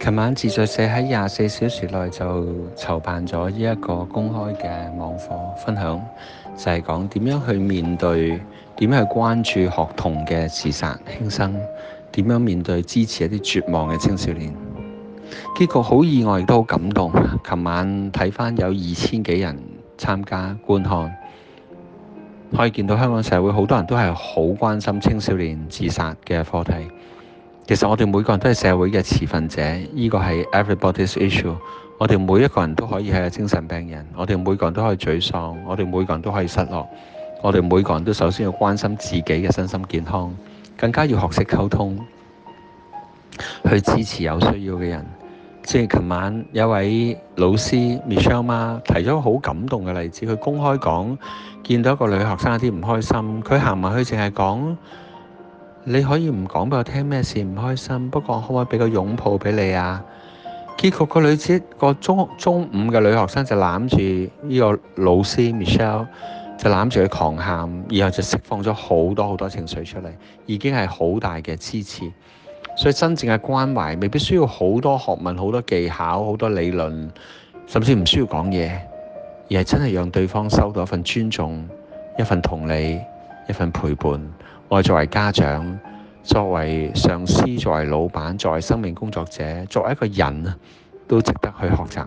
琴晚自在社喺廿四小時內就籌辦咗呢一個公開嘅網課分享，就係講點樣去面對，點樣去關注學童嘅自殺輕生，點樣面對支持一啲絕望嘅青少年。結果好意外亦都好感動。琴晚睇翻有二千幾人參加觀看，可以見到香港社會好多人都係好關心青少年自殺嘅課題。其實我哋每個人都係社會嘅持份者，呢個係 everybody’s issue。我哋每一個人都可以係個精神病人，我哋每個人都可以沮喪，我哋每個人都可以失落，我哋每個人都首先要關心自己嘅身心健康，更加要學識溝通，去支持有需要嘅人。即係琴晚有位老師 Michelle Ma，提咗個好感動嘅例子，佢公開講見到一個女學生有啲唔開心，佢行埋去淨係講。你可以唔講俾我聽咩事唔開心，不過可唔可以俾個擁抱俾你啊？結果個女子個中中五嘅女學生就攬住呢個老師 Michelle 就攬住佢狂喊，然後就釋放咗好多好多情緒出嚟，已經係好大嘅支持。所以真正嘅關懷未必需要好多學問、好多技巧、好多理論，甚至唔需要講嘢，而係真係讓對方收到一份尊重、一份同理、一份陪伴。我作為家長、作為上司、作為老闆、作為生命工作者、作為一個人都值得去學習。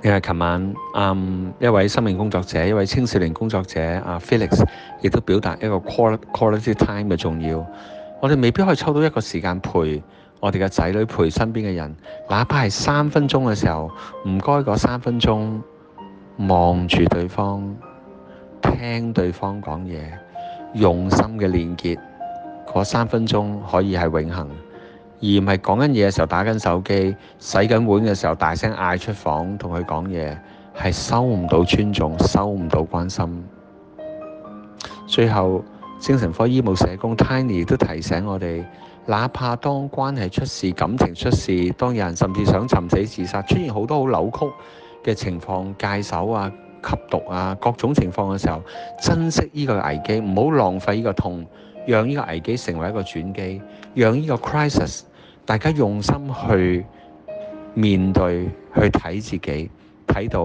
另外，琴晚、嗯、一位生命工作者、一位青少年工作者阿 Felix 亦都表達一個 quality quality time 嘅重要。我哋未必可以抽到一個時間陪我哋嘅仔女，陪身邊嘅人，哪怕係三分鐘嘅時候，唔該嗰三分鐘望住對方，聽對方講嘢。用心嘅連結，嗰三分鐘可以係永恆，而唔係講緊嘢嘅時候打緊手機，洗緊碗嘅時候大聲嗌出房同佢講嘢，係收唔到尊重，收唔到關心。最後，精神科醫務社工 Tiny 都提醒我哋，哪怕當關係出事、感情出事，當有人甚至想尋死自殺，出現好多好扭曲嘅情況，界手啊，吸毒啊，各種情況嘅時候，珍惜呢個危機，唔好浪費呢個痛，讓呢個危機成為一個轉機，讓呢個 crisis 大家用心去面對去睇自己，睇到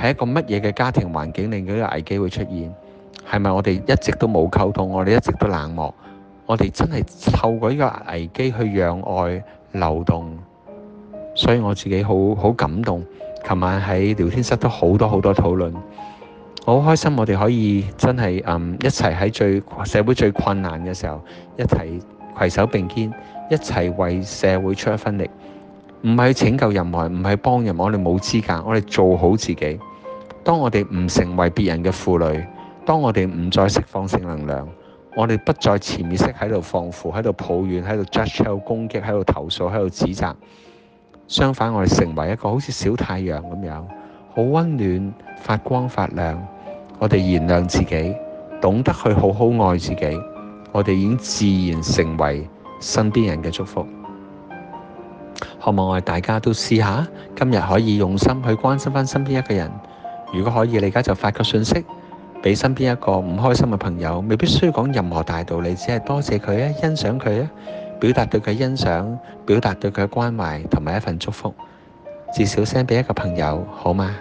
係一個乜嘢嘅家庭環境令到呢個危機會出現，係咪我哋一直都冇溝通，我哋一直都冷漠，我哋真係透過呢個危機去讓愛流動，所以我自己好好感動。琴晚喺聊天室都好多好多討論，好開心，我哋可以真係嗯一齊喺最社會最困難嘅時候一齊携手並肩，一齊為社會出一分力。唔係去拯救任何人，唔係幫人，我哋冇資格。我哋做好自己。當我哋唔成為別人嘅負累，當我哋唔再釋放性能量，我哋不再潛意識喺度放負、喺度抱怨、喺度 judge、喺度攻擊、喺度投訴、喺度指責。相反，我哋成為一個好似小太陽咁樣，好温暖、發光發亮。我哋原諒自己，懂得去好好愛自己。我哋已經自然成為身邊人嘅祝福。渴望 我哋大家都試下，今日可以用心去關心翻身邊一個人。如果可以，你而家就發個信息俾身邊一個唔開心嘅朋友，未必需要講任何大道理，只係多謝佢啊，欣賞佢啊。表達對佢欣賞，表達對佢關懷同埋一份祝福，至少 send 畀一個朋友，好嗎？